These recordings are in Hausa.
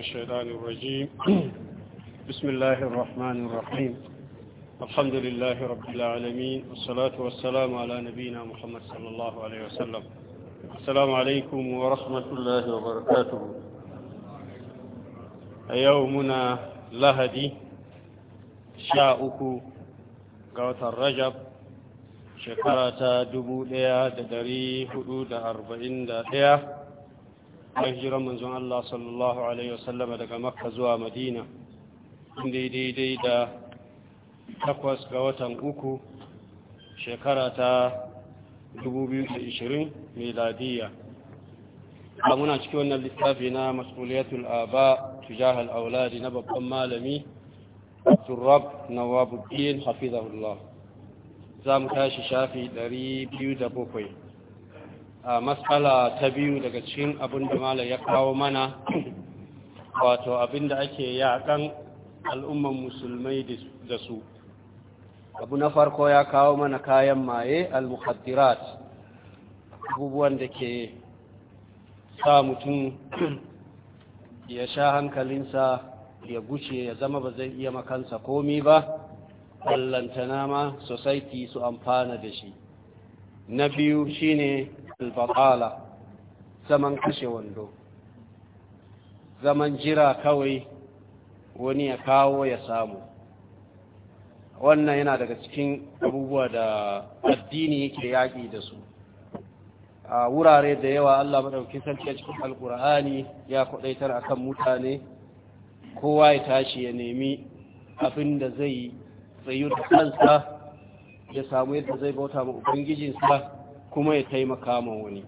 الشيطان الرجيم بسم الله الرحمن الرحيم الحمد لله رب العالمين والصلاة والسلام على نبينا محمد صلى الله عليه وسلم السلام عليكم ورحمة الله وبركاته يومنا لهدي شاءك قوت الرجب شكرة دبو ليا ددري حدود أربعين دقيقة bayan hijiran manzon Allah sallallahu alaihi wasallama daga makka zuwa madina inda daidai da takwas ga watan uku shekara ta 2020 miladiya a muna cikin wannan littafi na mas'uliyatul aba tujahal auladi na babban malami abdurrab nawabuddin hafizahullah za mu tashi shafi 207 a matsala ta biyu daga cikin abin da mala ya kawo mana wato abin da ake yakan al'umman musulmai da su abu na farko ya kawo mana kayan maye al-muhaddirat abubuwan da ke sa mutum ya sha hankalinsa ya guce ya zama ba zai iya makansa komi ba ballantana ma society su amfana da shi na biyu shine albabala zaman kashe wando zaman jira kawai wani ya kawo ya samu wannan yana daga cikin abubuwa da addini yake yaƙi da su a wurare da yawa Allah madauki sarki a cikin alkur'ani ya a akan mutane kowa ya tashi ya nemi abin da zai tsayu da kansa ya samu yadda zai bauta ma ubangijinsa kuma ya taimaka ma wani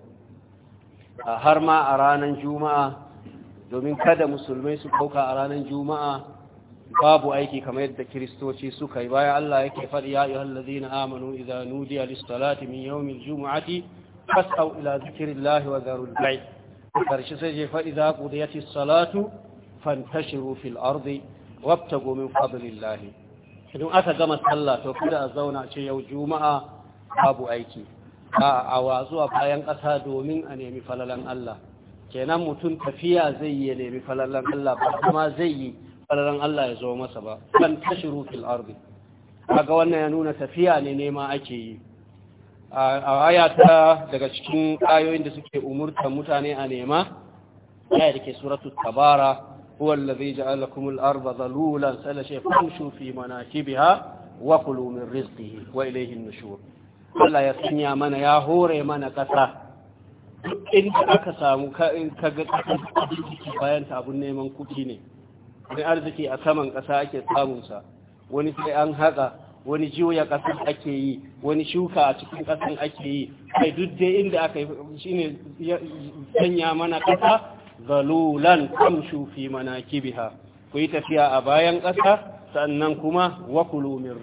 har ma a ranar juma'a domin kada musulmai su kauka a ranar juma'a babu aiki kamar yadda kiristoci suka yi bayan Allah yake faɗi ya yi hallazi na amanu idan nudi a listalati min yau min juma'ati fasau ila zikirin lahi wa zarul bai karshe sai je faɗi za ku da ya ci salatu fantashiru fil ardi wabta gomin fadlin lahi idan aka gama sallah to kada a zauna ce yau juma'a babu aiki a awa zuwa bayan ƙasa domin a nemi falalan Allah kenan mutum tafiya zai yi nemi falalan Allah ba kuma zai yi falalan Allah ya zo masa ba kan tashiru fil ardi kaga wannan ya nuna tafiya ne nema ake yi a aya ta daga cikin ayoyin da suke umurta mutane a nema ya da ke suratu tabara huwa allazi ja'alakum al-arda dhalulan sala shay'an fi manakibiha wa kulu min rizqihi wa ilayhi an-nushur Allah ya sanya mana ya hore mana ƙasa inda aka samu kaga bayan ta abun neman kuɗi ne wani arziki a saman ƙasa ake samunsa wani sai an haƙa wani jiwoya ƙasar ake yi wani shuka a cikin ƙasar ake yi kai duk dai inda aka yi ne sanya mana ƙasa zalulan shufi mana kibiha ku yi tafiya a bayan ƙasa sannan kuma wakulu min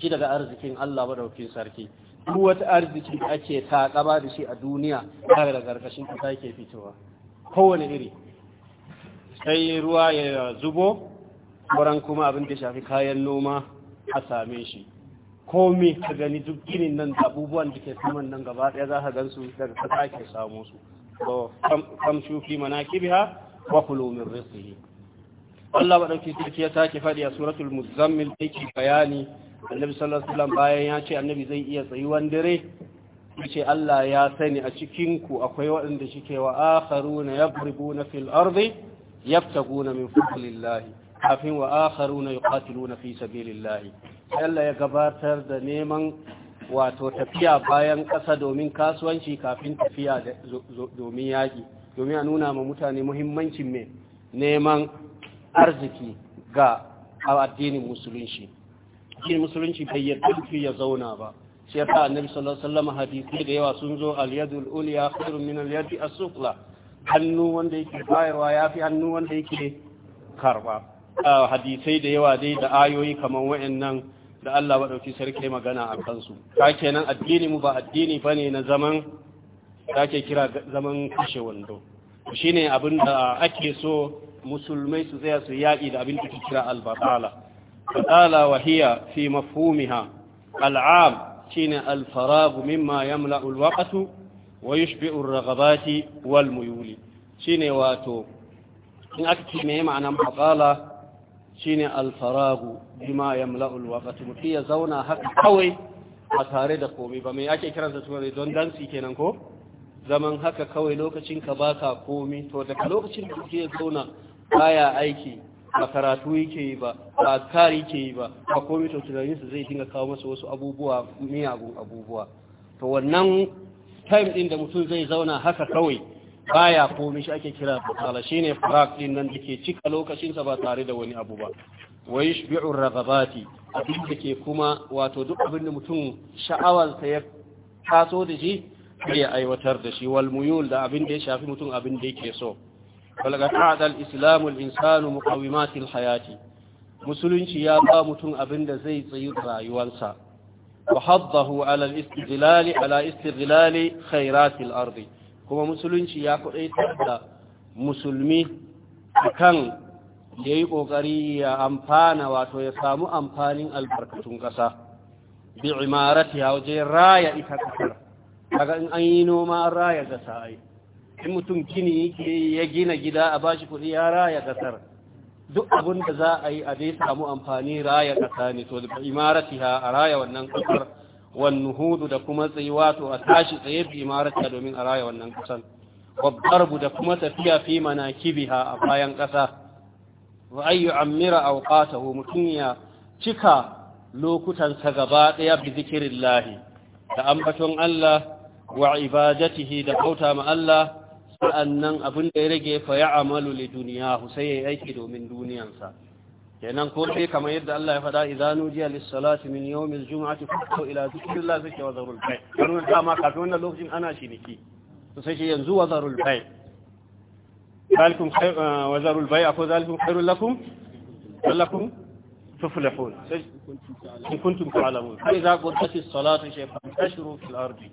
shi daga arzikin Allah madaukakin sarki duk wata arziki da ake kaba da shi a duniya har da karkashin kasa yake fitowa kowane iri sai ruwa ya zubo wurin kuma abin da shafi kayan noma a same shi komai ka gani duk ginin nan da abubuwan da ke saman nan gaba ɗaya za ka gan su daga kasa ake samu su kam shufi mana kibiha wa kulumin rizqi Allah madauki sarki ya sake faɗi a suratul muzammil yake bayani annabi sallallahu alaihi bayan ya ce annabi zai iya tsayuwan dare yace Allah ya sani a cikin ku akwai waɗanda suke wa akharuna yabribuna fil ardi yabtaguna min fadlillahi kafin wa akharuna yuqatiluna fi sabilillahi Allah ya gabatar da neman wato tafiya bayan ƙasa domin kasuwanci kafin tafiya domin yaki domin a nuna ma mutane muhimmancin mai neman arziki ga addinin musulunci addinin musulunci bai yarda mutum ya zauna ba shi yasa annabi sallallahu alaihi wasallam hadisi da yawa sun zo al-yadul ulya khairun min al-yad as-sufla hannu wanda yake bayarwa yafi hannu wanda yake karba hadisai da yawa dai da ayoyi kamar wayannan da Allah dauki sarki magana a kansu ka kenan addini mu ba addini bane na zaman kake kira zaman kashe wando shine abin da ake so musulmai su tsaya su yaƙi da abin da kira al-batala faɗala wahiya fi mafhumiha al'am shine alfaragu mimma yamla alwaqtu wa yushbi'u ar-raghabati wal muyuli shine wato in aka ce me ma'anan faɗala shine alfaragu bima yamla alwaqtu mutum ya zauna haka kawai ba tare da komai ba mai ake kiransa turai don dansi kenan ko zaman haka kawai lokacin ka baka komai to daga lokacin da kuke zauna baya aiki ba karatu yake yi ba ba kari yake yi ba ba komai to su zai dinga kawo masa wasu abubuwa miyagun abubuwa to wannan time din da mutum zai zauna haka kawai baya komai shi ake kira fatala shine frak din nan dake cika lokacinsa ba tare da wani abu ba wai shbi'u ragabati abin da ke kuma wato duk abin da mutum sa ya kaso da shi ya aiwatar da shi wal muyul da abin da ya shafi mutum abin da yake so ولقد أعدى الإسلام الإنسان مقومات hayati musulunci ya ba mutum abin da zai tsayi rayuwarsa wa haddahu ala al-istidlal ala istidlal khairat al kuma musulunci ya kudaitar da musulmi kan yayi kokari ya amfana wato ya samu amfanin albarkatun kasa bi imaratiha wajen raya ita kasar daga in an yi noma an raya gasa ai in mutum kini yake ya gina gida a bashi kuɗi ya raya ƙasar. duk abin da za a yi a dai samu amfani raya ƙasa ne to da ha, a raya wannan ƙasar. wan hudu da kuma tsayi, wato a tashi tsaye bi imaratiha domin a raya wannan kasar wabdarbu da kuma tafiya fi manakibiha a bayan ƙasa. wa ayyu amira awqatahu mutum ya cika lokutansa gaba daya bi zikirillahi da ambaton Allah wa ibadatihi da bauta ma Allah sa'annan abin da ya rage faya ya amalu li duniyahu sai yi aiki domin duniyansa kenan ko sai kamar yadda Allah ya faɗa idan nudiya lis min yawmil jum'ati fa'tu ila zikrillah zikra wa zarul bay wannan dama kafin wannan lokacin ana shiniki to sai shi yanzu wa zarul bay zalikum eh, wa zarul bay ako zalikum khairul lakum lakum tuflihun in kuntum ta'lamun fa idza qudatis salatu shay'an tashru fil ardi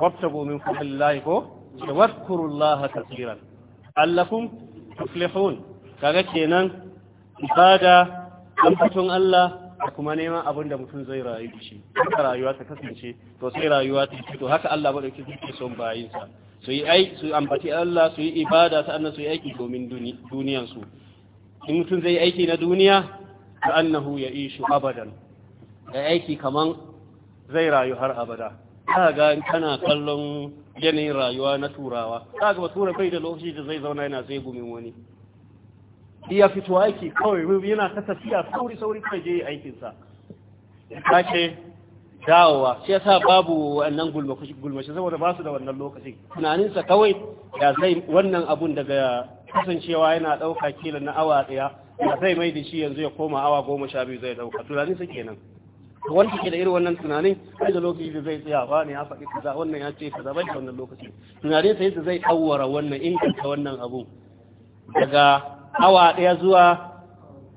wabtagu min fadlillahi ko واذكروا الله كثيرا لعلكم تفلحون kaga kenan ibada ambaton Allah da kuma neman abin da mutum zai rayu da shi haka rayuwa ta kasance to sai rayuwa ta to haka Allah ba dauki zuciya son bayin sa su yi ai su ambaci Allah su yi ibada sa'annan su yi aiki domin duniyan su in mutum zai aiki na duniya ka annahu ya ishu abadan ya aiki kaman zai rayu har abada ka ga kana kallon yanayin rayuwa na turawa ka ga tura bai da lokaci da zai zauna yana sai gumin wani iya fito aiki kawai yana ta tafiya sauri sauri kai je aikinsa ta ce dawowa shi yasa babu wannan gulmashi saboda ba su da wannan lokaci tunaninsa kawai da zai wannan abun daga kasancewa yana ɗauka kila na awa ɗaya da zai mai da shi yanzu ya koma awa goma sha biyu zai ɗauka tunaninsa kenan wanda ke da irin wannan tunanin sai da lokaci da zai tsaya ba ne ya faɗi kaza wannan ya ce kaza bai da wannan lokaci tunanin sai su zai awwara wannan inganta wannan abu daga awa ɗaya zuwa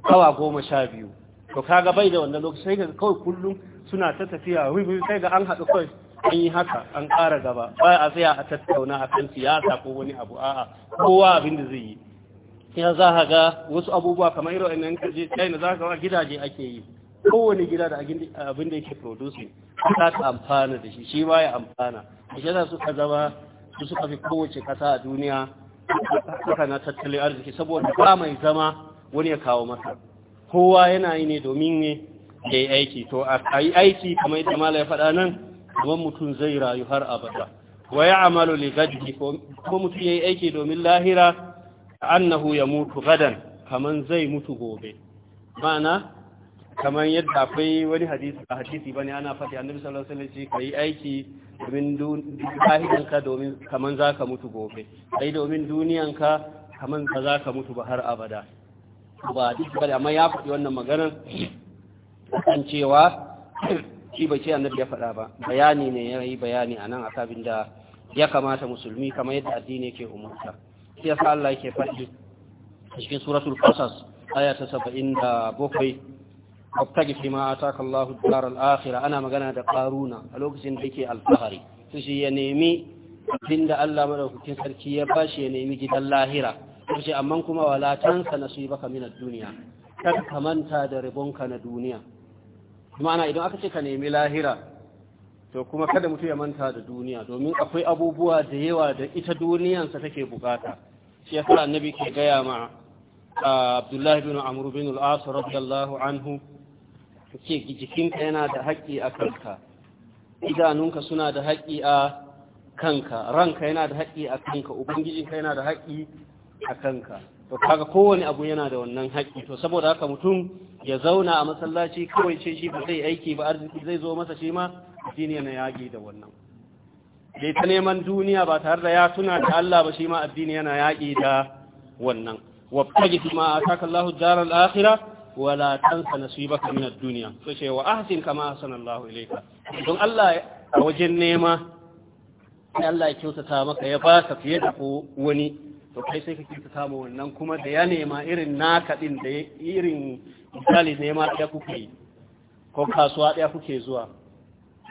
awa goma sha biyu to kaga bai da wannan lokaci sai ga kawai kullum suna ta tafiya wai sai ga an haɗu kawai an yi haka an ƙara gaba ba a tsaya a tattauna a kan siyasa ko wani abu a'a kowa abin da zai yi ya za ga wasu abubuwa kamar irin yan kaje na za ka ga gidaje ake yi kowane gida da abin da yake produce ta amfana da shi shi ma amfana da shi suka zama su suka fi kowace kasa a duniya suka na tattalin arziki saboda ba mai zama wani ya kawo masa kowa yana yi ne domin ne ya yi aiki to a yi aiki kamar yadda mala ya faɗa nan kamar mutum zai rayu har abada wa ya amalu li gajji ko mutum ya yi aiki domin lahira annahu ya mutu gadan kaman zai mutu gobe ma'ana kamar yadda akwai wani hadisi a hadisi bane ana fati a nufisar alaihi ka yi aiki domin duniyanka domin kaman ka mutu gobe yi domin duniyanka kaman ba ka mutu ba har abada ba duk bada amma ya faɗi wannan maganar kan cewa shi bai ce annabi ya faɗa ba bayani ne ya yi bayani a nan a sabin da ya kamata musulmi kamar yadda addini yake umarta shi yasa Allah yake faɗi cikin suratul qasas aya ta 77 wabtagi fi ma ataka Allahu dar al ana magana da karuna a lokacin da yake alfahari to shi ya nemi abinda Allah madaukakin sarki ya bashi ya nemi gidan lahira to shi amma kuma walatansa tansa nasibaka min ad-dunya kar ka manta da ribonka na duniya ma'ana idan aka ce ka nemi lahira to kuma kada mutum ya manta da duniya domin akwai abubuwa da yawa da ita duniyansa take bukata shi yasa annabi ke gaya ma ah, Abdullahi bin Amr bin al-As anhu ka ce jikinka yana da haƙƙi a kanka idanunka suna da haƙƙi a kanka ranka yana da haƙƙi a kanka ubangijinka yana da haƙƙi a kanka to kaga kowane abu yana da wannan haƙƙi to saboda haka mutum ya zauna a masallaci kawai ce shi ba zai aiki ba arziki zai zo masa shi ma addini na yaƙi da wannan bai ta neman duniya ba tare da ya tuna da Allah ba shi ma addini yana yaƙi da wannan Wa wabtaji ma ataka Allahu daral akhirah wala tansa nasibaka min ad-dunya so ce wa ahsin kama ahsana Allahu ilayka don Allah a wajen nema Allah ya kyautata maka ya ba ka fiye da wani to kai sai ka kyautata ma wannan kuma da ya nema irin naka din da irin misali nema da kuke ko kasuwa ɗaya kuke zuwa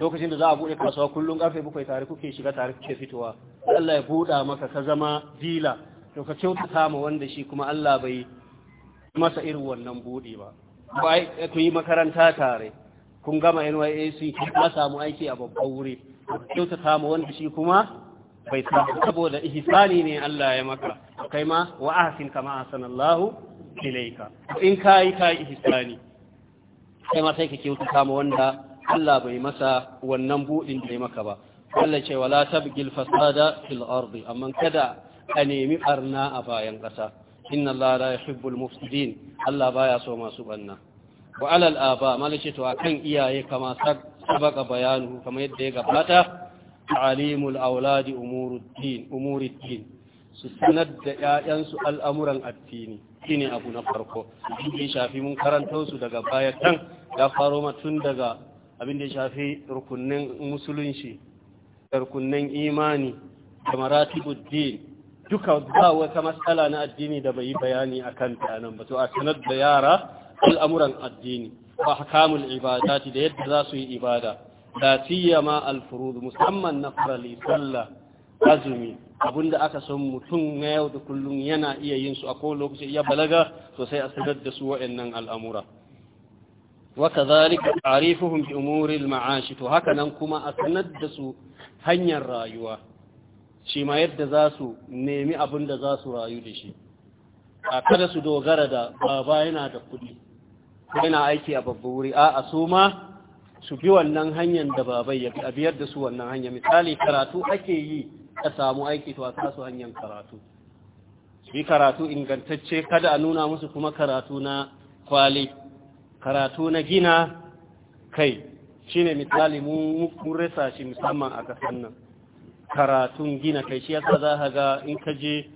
lokacin da za a buɗe kasuwa kullum karfe bakwai tare kuke shiga tare kuke fitowa Allah ya buɗa maka ka zama dila to ka kyautata ma wanda shi kuma Allah bai masa irin wannan buɗe ba ba ku yi makaranta tare kun gama NYAC na samu aiki a babban wuri kyauta samu wanda shi kuma bai samu saboda ihisani ne Allah ya maka kai ma wa ahsin kama ahsanallahu ilayka in ka yi ihisani, kai ma sai ka kyauta samu wanda Allah bai masa wannan buɗin da ya maka ba Allah ce wala tabgil fasada fil ardi amma kada a nemi arna a bayan ƙasa inna Allah la yuhibbul mufsidin Allah baya so masu banna wa alal aba malace to akan iyaye kama sabaka bayanu kamar yadda ya gabata ta'limul auladi umuruddin umuriddin su sanar da 'ya'yansu al'amuran addini shine abu na farko shi shafi mun karanta su daga baya kan ya faro matun daga abin da shafi rukunnin musulunci da rukunnin imani da duka ba wata matsala na addini da bai bayani akan ta nan ba to a sanar da yara al'amuran addini wa hakamul ibadati da yadda za su yi ibada da siyama al-furud musamman na farali sallah azumi abinda aka san mutum na yau da kullum yana iya yin su a kowane lokaci ya balaga to sai a sanar da su wa'annan al'amura وكذلك تعريفهم بأمور المعاش وهكذا كما أسند su hanyar rayuwa shi ma yadda za su nemi abin da za su rayu da shi a kada su dogara da baba yana da kuɗi yana aiki a babbar wuri a a su ma su bi wannan hanyar da babai ya a biyar da su wannan hanyar. misali karatu ake yi ka samu aiki to a kasu hanyar karatu yi karatu ingantacce kada a nuna musu kuma karatu na kwali karatu na gina kai shine misali mun rasa shi musamman a kasan nan karatun gina kai shi yasa za ga in ka je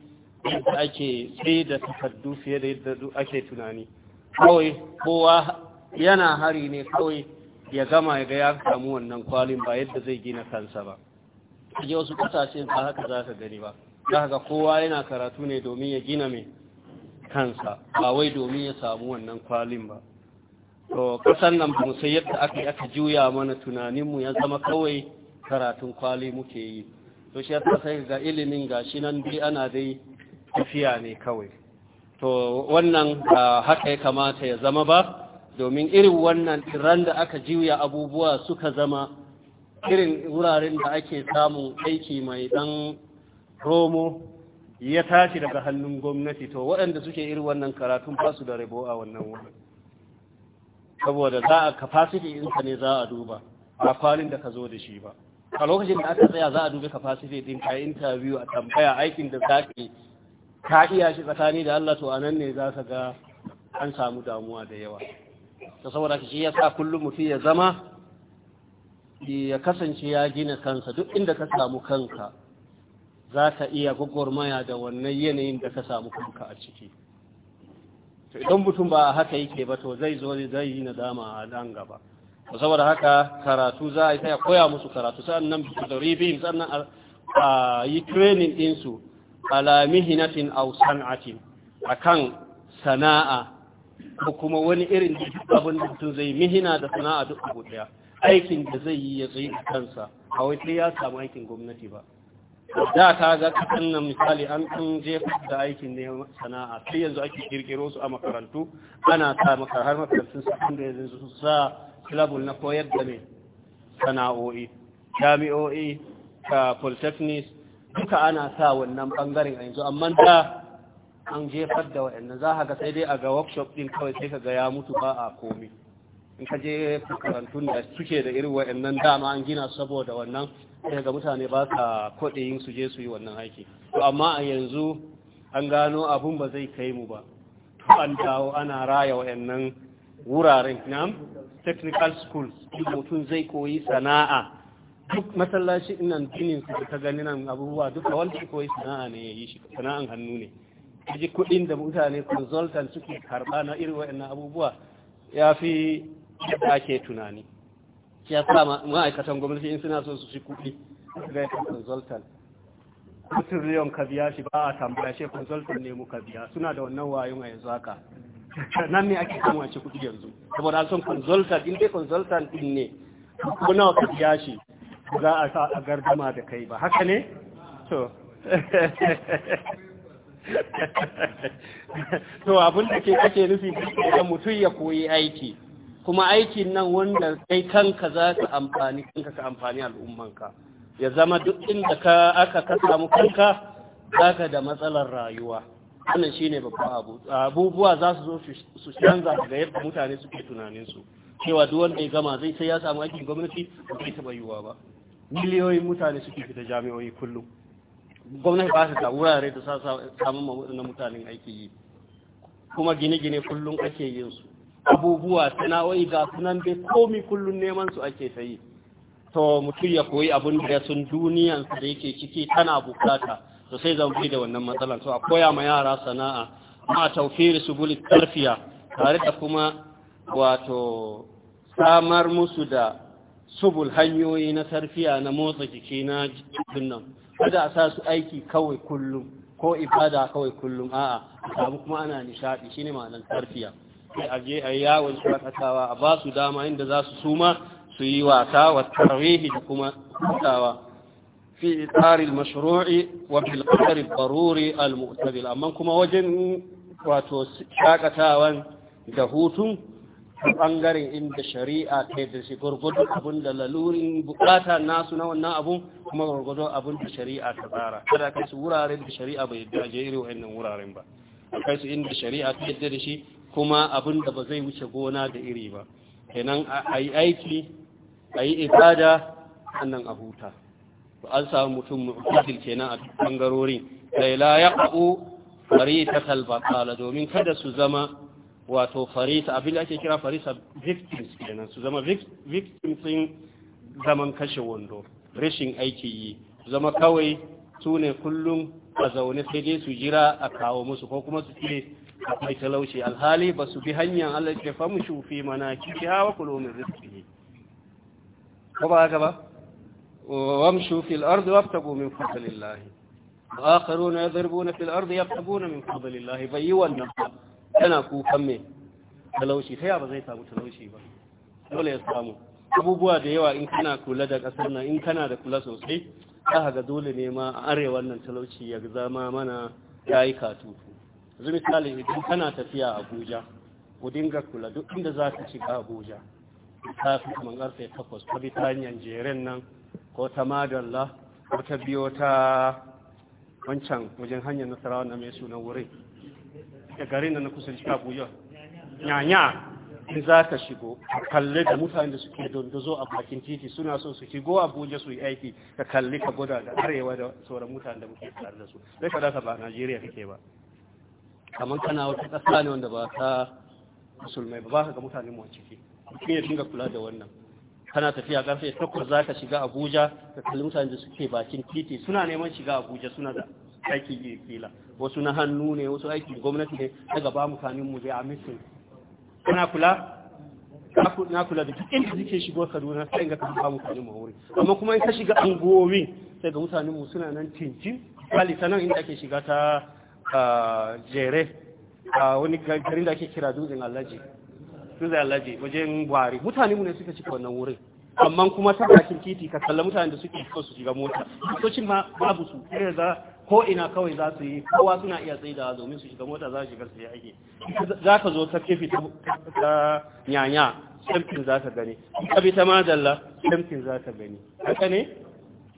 yadda ake tsaye da takardu fiye da yadda ake tunani kawai kowa yana hari ne kawai ya gama ya ga ya samu wannan kwalin ba yadda zai gina kansa ba je wasu kasashe ba haka za ka gani ba za ga kowa yana karatu ne domin ya gina mai kansa ba wai domin ya samu wannan kwalin ba to kasan nan ba mu sai yadda aka aka juya mana tunaninmu ya zama kawai karatun kwali muke yi to shi yasa sai ga ilimin gashi nan dai ana dai tafiya ne kawai to wannan haka ya kamata ya zama ba domin irin wannan irin da aka jiya abubuwa suka zama irin wuraren da ake samun aiki mai dan romo ya tashi daga hannun gwamnati to waɗanda suke irin wannan karatun ba su da rabo a wannan wurin saboda za a capacity ɗinka ne za a duba a kwalin da ka zo da shi ba a lokacin da aka tsaya za a dubi capacity din ka interview a tambaya aikin da za ka ka iya shi tsakani da Allah to anan ne za ka ga an samu damuwa da yawa ta saboda shi ya sa kullum mutum ya zama ya kasance ya gina kansa duk inda ka samu kanka za ka iya gwagwarmaya da wannan yanayin da ka samu kanka a ciki to idan mutum ba haka yake ba to zai zo zai yi nadama a nan gaba saboda haka karatu za a yi sai koya musu karatu sannan bihim sannan a yi training ɗinsu ala ausan aw san'atin akan sana'a ko kuma wani irin abin da mutum zai mihina da sana'a duk abu daya aikin da zai yi ya tsaye kansa a wai ya samu aikin gwamnati ba da ka ga kasan nan misali an kan jefa da aikin ne sana'a sai yanzu ake kirkiro su a makarantu ana sa makarar makarantun sakandare yanzu su sa club na koyar da mai sana'o'i jami'o'i ta polytechnics duka ana sa wannan bangaren a yanzu amma da an jefar da waɗannan za ka ga sai dai a ga workshop din kawai sai ka ga ya mutu ba a komi in ka je karantun da suke da irin waɗannan dama an gina saboda wannan sai ga mutane ba sa koɗe yin su je su yi wannan aiki to amma a yanzu an gano abun ba zai kai mu ba to an dawo ana raya waɗannan wuraren nam technical schools mutum zai koyi sana'a duk masallaci ina ginin su ta gani nan abubuwa duka wanda koyi sana'a ne ya yi shi sana'an hannu ne ji kuɗin da mutane consultant suke karba na irin waɗannan abubuwa ya fi da ke tunani ya sa ma'aikatan gwamnati in suna so su shi kuɗi ga yadda consultant ko ka biya shi ba a tambaya shi consultant ne muka biya suna da wannan wayon a yanzu haka nan ne ake kama wace kuɗi yanzu saboda an son consultant in dai consultant din ne kuma nawa ka biya shi za a sa a gardama da kai ba haka ne to to abin da ke kake nufi da mutum ya koyi aiki kuma aikin nan wanda kai kanka za ka amfani kanka ka amfani al'ummanka ya zama duk inda ka aka ka samu kanka za ka da matsalar rayuwa wannan shine babban abu abubuwa za su zo su canza daga yadda mutane suke tunanin su cewa duk wanda ya gama zai sai ya samu aikin gwamnati ba zai taba yiwuwa ba miliyoyin mutane suke fita jami'o'i kullum gwamnati ba ta wurare da sa samun waɗannan mutanen aiki yi kuma gine-gine kullum ake yin su abubuwa sana'o'i ga sunan dai komi kullum neman su ake ta yi to mutum ya koyi abin da sun su da yake ciki tana bukata to sai zan da wannan matsalan so a koya ma yara sana'a ma taufiri buli tarfiya tare da kuma wato samar musu da subul hanyoyi na tarfiya na motsa jiki na jikin nan kada a sa su aiki kawai kullum ko ibada kawai kullum a'a samu kuma ana nishadi shine ma'anar tarfiya sai a je a yawon shakatawa a ba su dama inda za su suma su yi wasa wa tarwihi da kuma hutawa في إطار المشروع وبالقدر الضروري المؤتدل أما كما وجن da ɓangaren inda shari'a ta da shi gwargwadon abin da lalurin bukata nasu na wannan abun kuma gwargwadon abin da shari'a ta tsara kada kai su wuraren da shari'a bai yadda je irin wa'annan wuraren ba kai su inda shari'a ta yadda da shi kuma abin da ba zai wuce gona da iri ba kenan a yi aiki a yi ibada nan a huta an samu mutum mu'tazil kenan a bangarorin sai la yaqu farita al domin kada su zama wato farita abin da ake kira farita victims kenan su zama victims sun zaman kashe wando rashin aiki yi zama kawai su ne kullum a zaune sai dai su jira a kawo musu ko kuma su ce akwai talauci alhali ba su bi hanyar Allah ke famu shufi mana kiki hawa kulomin ne ko ba haka ba وامشوا في الأرض وابتغوا من فضل الله وآخرون يضربون في الأرض يبتغون من فضل الله بيوا النفس كو كمي talauci ta yaba zai samu talauci ba dole ya samu abubuwa da yawa in kana kula da kasar nan in kana da kula sosai za ga dole ne ma a arewa wannan talauci ya zama mana ya yi yanzu misali idan kana tafiya abuja ku dinga kula duk inda za ka shiga abuja ta fi kamar karfe takwas ta bi ta hanyar jeren nan ko ta madalla ko ta biyo ta wancan wajen hanyar nasarawa na mai sunan wurin da garin na kusan shi yau nyanya in za ka shigo ka kalli da mutane da suke dondozo a bakin titi suna so su shigo abuja su yi aiki ka kalli ka gwada da arewa da sauran mutane da muke tare da su zai ka dasa ba najeriya kake ba kamar kana wata kasa ne wanda ba ta musulmai ba ba ka ga mutane mawa a ciki mutum ya dinga kula da wannan kana tafiya karfe takwas za ka shiga abuja ka kalli mutane da suke bakin titi suna neman shiga abuja suna da aiki kila wasu na hannu ne wasu aikin gwamnati ne daga ba mutanen mu zai amince kana kula na kula da cikin da suke shigo kaduna sai ga kan ba mutanen mu wuri amma kuma in ka shiga angowi sai ga mutanen mu suna nan tinji kali sanan nan inda ake shiga ta ah, jere a wani garin da ake kira dutsen allaji sun zai alaje wajen gwari mutane mu ne suka cika wannan wurin amma kuma ta bakin titi ka kalla mutane da suke so su shiga mota cin ma babu su sai da ko ina kawai za su yi kowa suna iya da domin su shiga mota za su shiga su yi ake za ka zo ta kefi ta nyanya samkin za ka gani ka bi ta madalla samkin za ka gani haka ne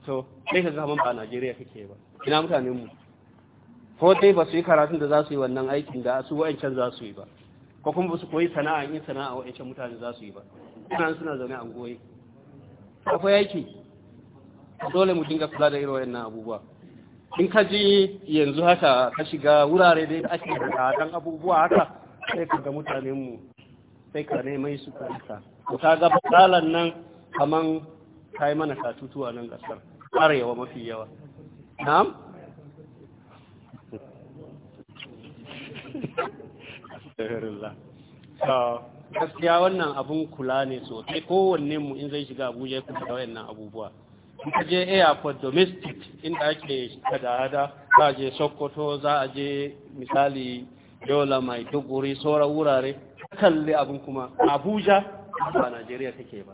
to sai ka zama ba a najeriya kake ba ina mutanen mu ko dai ba su yi karatun da za su yi wannan aikin da su wa'ancan za su yi ba ko kuma ba su koyi sana'a yin sana'a wa'ancan mutane za su yi ba suna suna zaune a goye akwai yaki dole mu dinga kula da irin wayannan abubuwa in ka ji yanzu haka ka shiga wurare da ake da dan abubuwa haka sai ka ga mutanen mu sai ka nemi su isa. to ka ga balan nan kaman kai mana katutu a nan kasar arewa mafi yawa na'am astaghfirullah gaskiya wannan abun kula ne sosai kowanne mu in zai shiga abuja ku da wayannan abubuwa ka je airport domestic inda ake da hada za a je sokoto za a je misali yola mai sauran wurare kalli abin kuma abuja ba najeriya take ba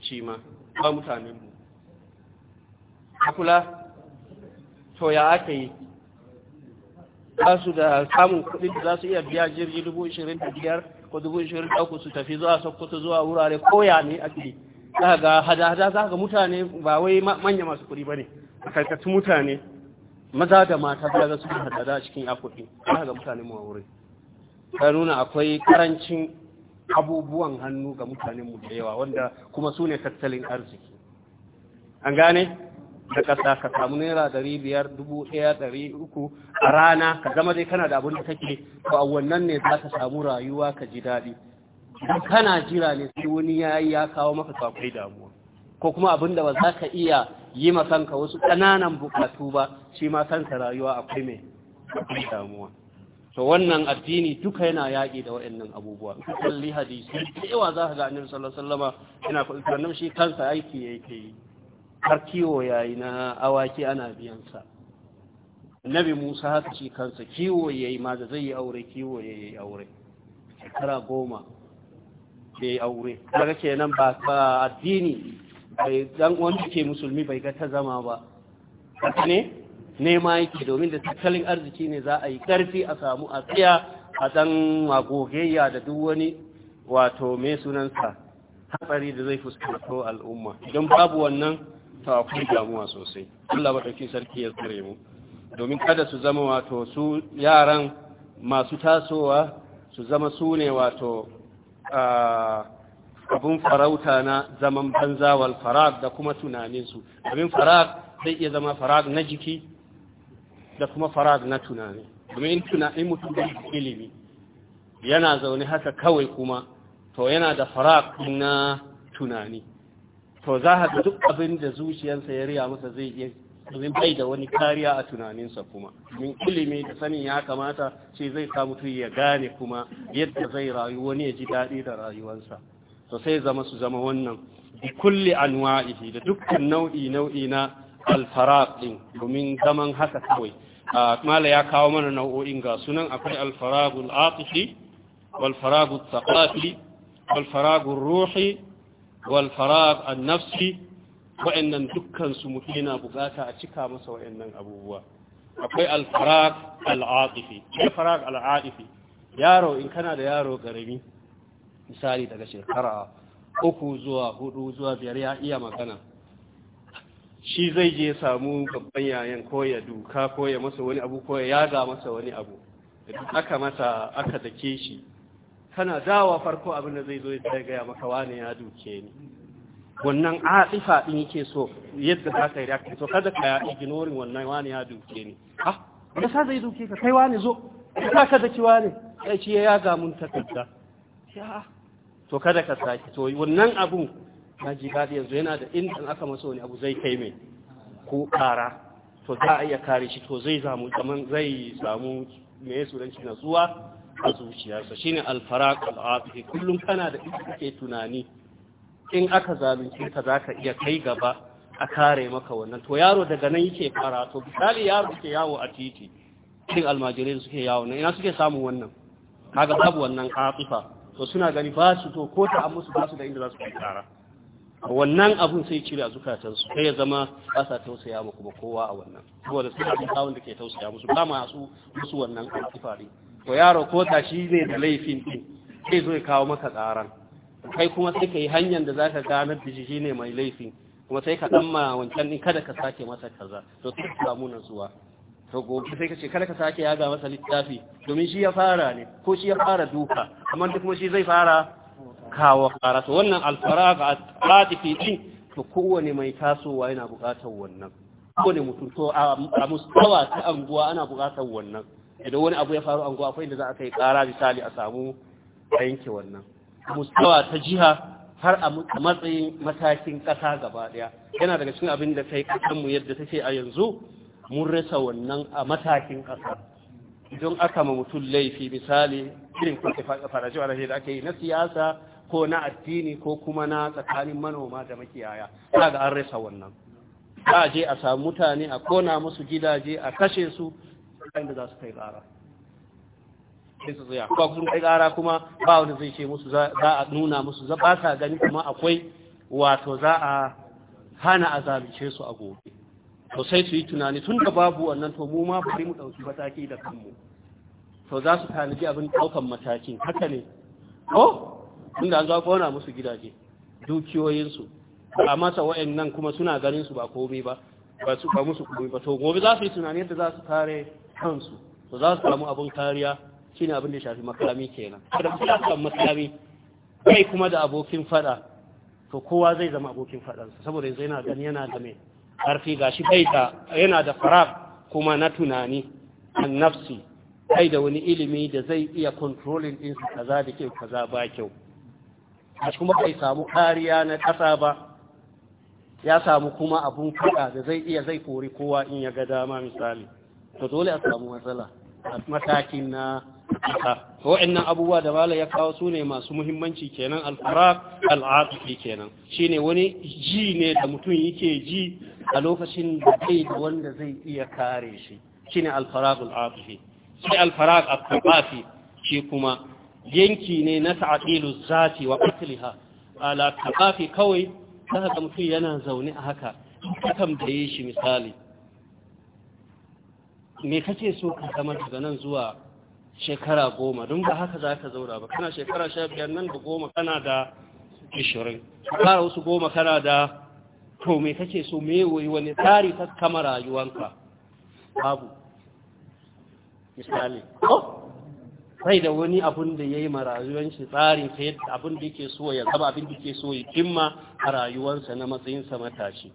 shi ma ba mutanenmu mu kula to ya ake yi ba su da samun kudin da za su iya biya jirgi dubu ishirin da biyar ko dubu ishirin da uku su tafi zuwa sokoto zuwa wurare koya ne a kiri za ga hada-hada za ga mutane ba wai manya masu kuɗi ba ne a karkatun mutane maza da mata za ga su hada-hada a cikin afirki za ga mutane mu a wuri ta nuna akwai karancin abubuwan hannu ga mutanen mu da yawa wanda kuma su ne tattalin arziki an gane da ƙasa ka samu naira ɗari biyar dubu ɗaya ɗari uku a rana ka zama dai kana da abin da kake to a wannan ne za ka samu rayuwa ka ji daɗi idan kana jira ne sai wani ya yi ya kawo maka akwai damuwa ko kuma abin da ba za ka iya yi ma kanka wasu ƙananan buƙatu ba shi ma kanka rayuwa akwai mai akwai damuwa to wannan addini duka yana yaƙi da waɗannan abubuwa kalli hadisi da yawa za ka ga annabi sallallahu alaihi wasallama yana faɗi shi kansa aiki yake yi har kiwo yayi na awaki ana biyansa annabi musa haka shi kansa kiwo yayi ma da zai yi aure kiwo yayi aure shekara goma da yi aure daga nan ba ka addini bai dan wanda ke musulmi bai ga ta zama ba haka ne nema yake domin da tattalin arziki ne za a yi karfi a samu a tsaya a dan magogayya da duk wani wato mai sunansa hatsari da zai fuskanto al'umma idan babu wannan to akwai damuwa sosai Allah ba dauki sarki ya tsare mu domin kada su zama wato su yaran masu tasowa su zama su ne wato abin farauta na zaman banza wal farag da kuma tunaninsu abin farag zai iya zama farag na jiki da kuma farag na tunani domin tunanin mutum da ilimi yana zaune haka kawai kuma to yana da farag na tunani to za a ga duk abin da zuciyarsa ya riya masa zai iya domin bai da wani kariya a tunaninsa kuma min ilimi da sanin ya kamata ce zai samu tu ya gane kuma yadda zai rayu wani ya ji daɗi da rayuwarsa to sai zama su zama wannan bi kulli anwa'ihi da dukkan nau'i nau'i na alfaraq din domin zaman haka kawai mala ya kawo mana nau'o'in ga sunan akwai alfaragul atishi wal faragul thaqafi wal faragul ruhi wal farag an-nafsi wa'annan dukkan su mutum yana bukata a cika masa wa'annan abubuwa akwai al-farag al al al yaro in kana da yaro karami misali daga shekara uku zuwa hudu zuwa biyar ya iya magana shi zai je samu babban yayan ko ya duka ko ya masa wani abu ko ya yaga masa wani abu aka masa aka dake shi kana dawa farko abin da zai zo ya tsaye gaya maka wane ya duke ni wannan atifa ɗin yake so yadda za ka yi reaction to kada ka ya ignoring wannan wane ya duke ni ha ya sa zai duke ka kai wane zo ka ka zaki wane ya ce ya ga mun takarda ya to kada ka sake to wannan abun na ji gadi yanzu yana da inda aka maso wani abu zai kai mai ko kara to za a iya kare shi to zai samu zai samu me sunan shi natsuwa a zuciyarsa shi ne alfaraq al'afi kullum kana da ita kake tunani in aka zalunce ka ka iya kai gaba a kare maka wannan to yaro daga nan yake fara to misali yaro suke yawo a titi cikin almajirai suke yawo nan ina suke samun wannan kaga babu wannan ƙafifa to suna gani ba su to ko ta amusu ba su da inda za su fara wannan abun sai cire a zukatansu sai ya zama ba sa tausaya ma kuma kowa a wannan saboda suna da tsawon da ke tausaya musu ba masu musu wannan ne. to yaro ko ta shi zai da laifin ɗin zai zo ya kawo maka tsaran kai kuma sai ka yi hanyar da za ka ganar da shi ne mai laifin kuma sai ka ɗan ma wancan ɗin kada ka sake masa kaza to sai ka samu nasuwa to gobe sai ka ce kada ka sake yaga masa littafi domin shi ya fara ne ko shi ya fara duka amma duk kuma shi zai fara kawo fara to wannan alfaraga atifi din to kowane mai tasowa yana buƙatar wannan kowane mutum to a mustawa ta anguwa ana buƙatar wannan idan wani abu ya faru anguwa akwai inda za a kai kara misali a samu a yanke wannan mustawa ta jiha har a matsayin matakin kasa gaba daya yana daga cikin abin da kai ƙasanmu yadda take a yanzu mun rasa wannan a matakin kasa idan aka ma mutum laifi misali irin kuma farashi wa da ake yi na siyasa ko na addini ko kuma na tsakanin manoma da makiyaya ga an rasa wannan za a je a samu mutane a kona musu gidaje a kashe su inda za su kai ƙara kun kai kuma ba wani zai ce musu za a nuna musu za ba sa gani kuma akwai wato za a hana azabice su a gobe to sai su yi tunani tun da babu wannan to mu ma bari mu ɗauki mataki da kanmu to za su tanaji abin ɗaukan matakin haka ne ko tun da an za ƙona musu gidaje dukiyoyinsu ba masa nan kuma suna ganin su ba komai ba ba su ba musu komai ba to gobe za su yi tunani yadda za su kare kansu to za su samu abin kariya shine abin da shafi makami kenan kada mutum ya samu kai kuma da abokin fada to kowa zai zama abokin fadansa saboda yanzu yana gani yana da mai ƙarfi gashi bai da yana da farak. kuma na tunani an nafsi kai da wani ilimi da zai iya controlling din su kaza da kyau kaza ba kyau a kuma bai samu kariya na ƙasa ba ya samu kuma abun faɗa da zai iya zai kori kowa in ya ga dama misali to dole a samu matsala a matakin na ƙasa to wa'annan abubuwa da mala ya kawo su ne masu muhimmanci kenan alfarak al'afifi kenan shine wani ji ne da mutum yake ji a lokacin da bai da wanda zai iya kare shi shine alfarak al'afifi sai alfarak al'afifi shi kuma yanki ne na ta'adilu zati wa qatliha ala kawai kaga mutum yana zaune a haka ka tambaye shi misali me kace so ka zama daga nan zuwa shekara goma don ba haka za ka zaura ba kana shekara sha biyar nan da goma kana da ishirin fara wasu goma kana da to me kace so me yi wani tsari ta kama rayuwanka babu misali sai da wani abun da ya yi ma rayuwanci tsarin ka yadda abin da yake so ya zaba abin da yake so ya himma a rayuwarsa na matsayinsa matashi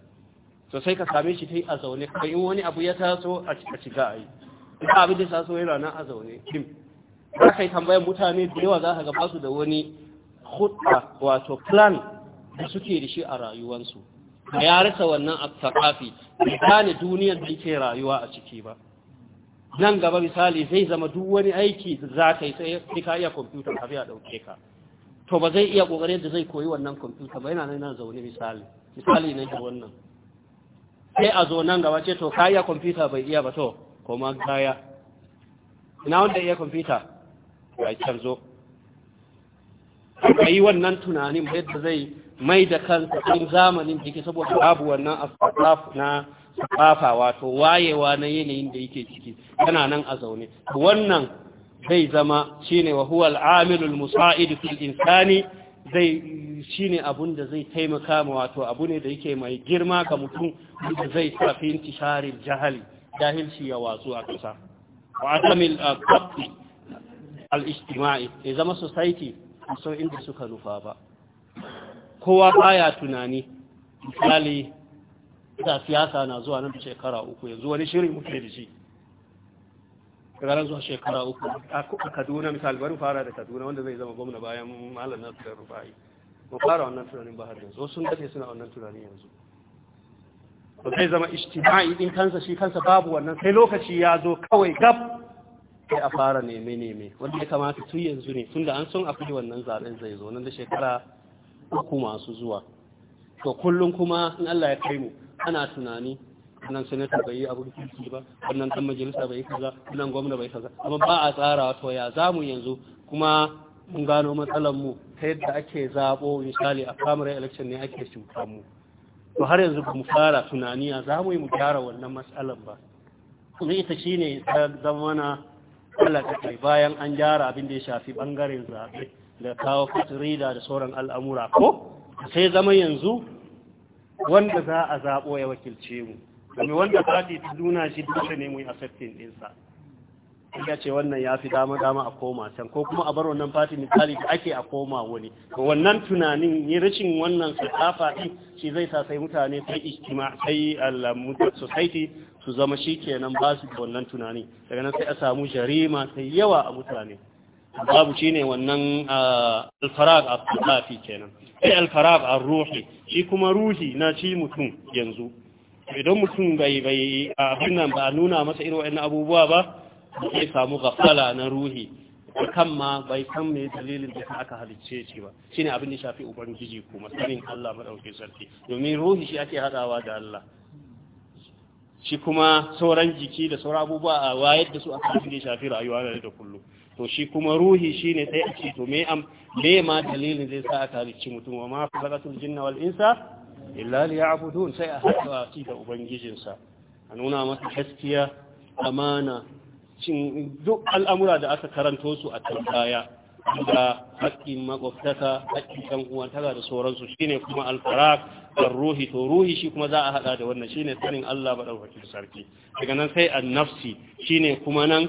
to sai ka same shi tai a zaune kai in wani abu ya taso a shiga a yi ita abin da taso yana nan a zaune kim za ka yi tambayar mutane da yawa za ka gaba su da wani hutsa wato plan da suke da shi a rayuwansu da ya rasa wannan a tsakafi bai ne duniyar da yake rayuwa a ciki ba nan gaba misali zai zama duk wani aiki za ka yi sai ka iya kwamfuta abin a ɗauke ka to ba zai iya ƙoƙarin da zai koyi wannan kwamfuta ba yana nan zaune misali misali na wannan sai a zo nan gaba ce to kaya kwamfuta bai iya ba to kuma kaya ina wanda iya kwamfuta ya can zo a yi wannan tunanin yadda zai mai da kansa ɗin zamanin jiki saboda babu wannan asfaf na safafa wato wayewa na yanayin da yake ciki yana nan a zaune wannan zai zama shine wa huwa al-amilul musa'id fil insani zai shi ne abun da zai taimaka ma wato abu ne da yake mai girma ga mutum da zai tafi intisharin jahali jahilci ya watsu a ƙasa wa adamil uh, qabt al-ijtima'i ya zama society so inda suka nufa ba kowa baya tunani misali da siyasa na zuwa nan shekara uku yanzu wani shirin muke da shi daga zuwa shekara uku a kaduna misali bari fara da kaduna wanda zai zama gwamna bayan malam nasu da rufa'i mu fara wannan tunanin bahar yanzu sun dace suna wannan tunanin yanzu ba zai zama ishtima'i din kansa shi kansa babu wannan sai lokaci ya zo kawai gab sai a fara neme neme wanda ya kamata tun yanzu ne tun da an a fi wannan zaben zai zo nan da shekara uku masu zuwa to kullum kuma in Allah ya kai mu ana tunani nan sanata bai yi abin kirki ba wannan dan majalisa bai yi kaza wannan gwamna bai kaza amma ba a tsara to ya zamu yanzu kuma mun gano matsalar mu ta yadda ake zabo misali a primary election ne ake cuta mu to har yanzu ba mu fara tunani a zamu yi mu gyara wannan matsalar ba kuma ita shine ta zama na Allah kai bayan an gyara abin da ya shafi bangaren zabe da kawo fatirida da sauran al'amura ko sai zama yanzu wanda za a zaɓo ya wakilce mu kami wanda fadi ta nuna shi dole ne mu yi accepting ɗinsa ya ce wannan ya fi dama dama a koma can ko kuma a bar wannan fati misali da ake a koma wani ko wannan tunanin ni rashin wannan sakafa din shi zai sa sai mutane sai ijtima sai alamu society su zama kenan ba su da wannan tunani daga nan sai a samu jarima sai yawa a mutane babu shine wannan alfarag a kafi kenan sai alfarag a ruhi shi kuma ruhi na shi mutum yanzu idan mutum bai bai a hannun ba nuna masa irin wa'in abubuwa ba zai samu gafala na ruhi kan ma bai san me dalilin da aka halicce shi ba ne abin da shafi ubangiji kuma sanin Allah madaukakin sarki domin ruhi shi ake haɗawa da Allah shi kuma sauran jiki da sauran abubuwa a wayar da su a kan da shafi rayuwa na da kullum to shi kuma ruhi ne sai a ce to me am me ma dalilin zai sa aka halicci mutum wa ma khalaqatul jinna wal insa illa li ya'budun sai a haɗa shi da ubangijinsa a nuna masa gaskiya amana cin duk al'amura da aka karanto su a tambaya da haƙƙin makwabtaka haƙƙin kan uwantaka da sauransu shine kuma alfarak da ruhi to ruhi shi kuma za a haɗa da wannan shine sanin Allah madaukakin sarki daga nan sai nafsi shine kuma nan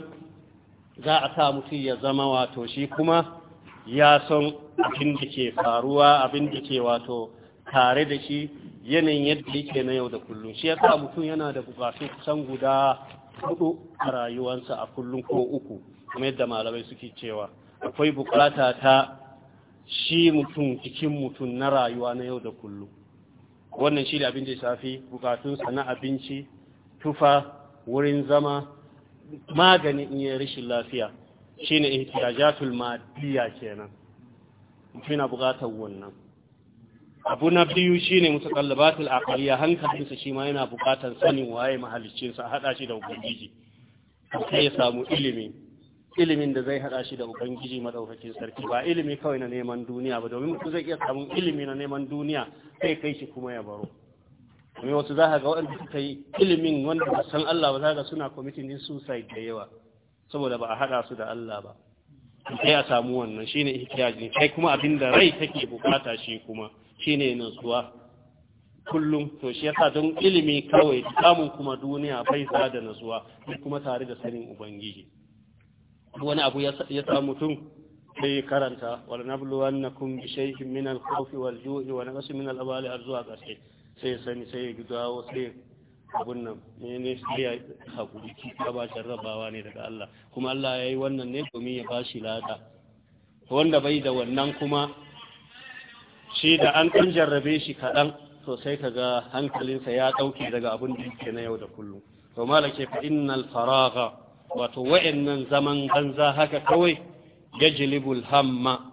za a sa mutum ya zama wato shi kuma ya san abin da ke faruwa abin da ke wato tare da shi yanayin yadda yake na yau da kullum shi ya sa mutum yana da bukatu kusan guda hudu a rayuwarsa a kullum ko uku kuma yadda malamai suke cewa akwai bukata ta shi mutum cikin mutum na rayuwa na yau da kullum wannan shi da abin da shafi bukatunsa na abinci tufa wurin zama magani in yi rashin lafiya shine ihtiyajatul madiya kenan mutum yana bukatar wannan abu na biyu shi ne shine mutaqallabatul aqliya hankalinsa shi ma yana bukatar sanin waye mahalicin a hada shi da ubangiji sai ya samu ilimi ilimin da zai hada shi da ubangiji madaukakin sarki ba ilimi kawai na neman duniya ba domin mutum zai iya samun ilimi na neman duniya sai kai shi kuma ya baro domin wasu za ka ga waɗanda suka yi ilimin wanda ba san Allah ba za ka suna committing din suicide da yawa saboda ba a hada su da Allah ba sai a samu wannan shine ihtiyaj kai kuma abin da rai take bukata shi kuma shine nutsuwa kullum to shi yasa don ilimi kawai samun kuma duniya bai sa da nutsuwa kuma tare da sanin ubangiji wani abu ya sa mutum sai karanta wal annakum bi shay'in min al khawf wal-ju'i wa naqsin min al abali arzuwa kasai sai sai sai gidawo sai abun nan ne sai ya hakuri ki ba jarrabawa ne daga Allah kuma Allah yayi wannan ne domin ya bashi lada wanda bai da wannan kuma shi da an ɗan jarrabe shi kaɗan to sai ka ga hankalinsa ya ɗauke daga abin da yake na yau da kullum to malake fa innal faragha wato wa'annan zaman banza haka kawai yajlibul hamma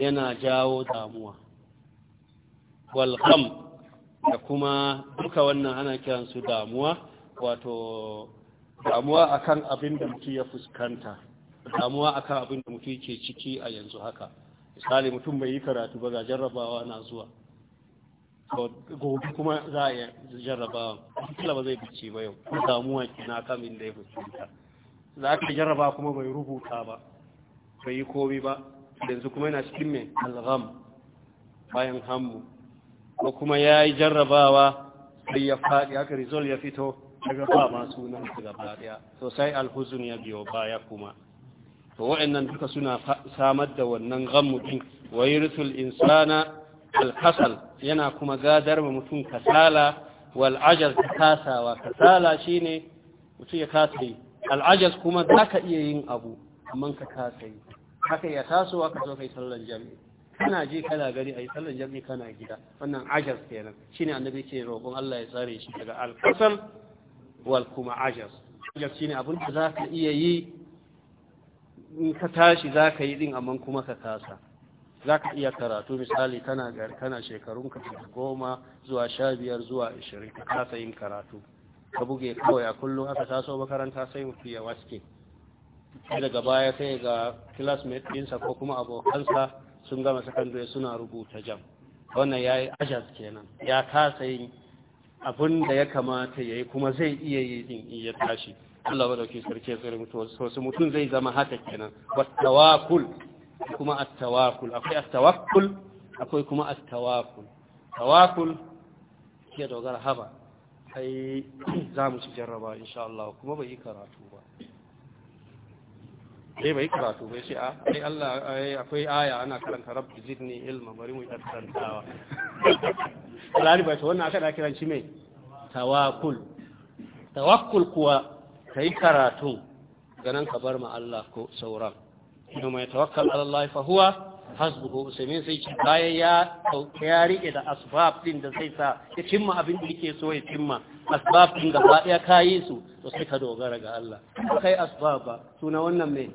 yana jawo damuwa wal da kuma duka wannan ana kiransu damuwa wato damuwa akan abin da mutum ya fuskanta damuwa akan abin da mutum ke ciki a yanzu haka misali mutum bai yi karatu ba ga jarrabawa na zuwa gobe kuma za a jarrabawa kila ba zai bice ba yau damuwa na kamin inda ya ta za ka jarraba kuma bai rubuta ba bai yi komi ba yanzu kuma yana cikin mai alham bayan hammu ko kuma ya yi jarrabawa sai ya faɗi aka rizol ya fito daga ba masu nan gaba ɗaya to sai alhuzun ya biyo baya kuma to wa'annan duka suna samar da wannan gammu din wa yursul insana alkasal yana kuma gadar ma mutum kasala wal ajaz kasawa kasala shine mutum ya kasa yi al'ajaz kuma zaka iya yin abu amma ka kasa yi haka ya tasowa ka zo kai sallan jami'i kana je kana gari a yi sallan jami'i kana gida wannan ajal kenan shine annabi ke roƙon Allah ya tsare shi daga alkasal wal kuma ajas ajas shine abin da zaka iya yi in ka tashi za ka yi din amma kuma ka kasa za ka iya karatu misali kana kana shekarun ka goma zuwa sha biyar zuwa ashirin ka kasa yin karatu ka buge kawai a kullum aka taso makaranta sai mutu ya waske daga baya sai ga classmate ɗinsa ko kuma abokansa sun gama sakandare suna rubuta jam wannan ya yi ajaz kenan ya kasa yin abin da ya kamata ya yi kuma zai iya yi in iya tashi Allah ba dauke sarki sai mutuwar so mutum zai zama haka kenan wa tawakkul kuma at-tawakkul akwai at-tawakkul akwai kuma at-tawakkul tawakkul ke dogara haba ai za mu ci jarraba insha Allah kuma bai karatu ba dai eh, bai karatu bai sai a ai Allah ai akwai aya ana karanta rabb zidni ilma bari mu tsantawa Allah ne bai to wannan aka da kiran shi mai tawakkul tawakkul kuwa ka yi karatun ganin ka bar ma Allah ko sauran ina mai tawakkal Allah fa huwa hasbuhu usaimin sai ce bayan ya ya da asbab din da zai sa ya cimma abin da yake so ya cimma asbab din gaba ɗaya kayi su to sai ka dogara ga Allah kai asbab ba suna wannan mai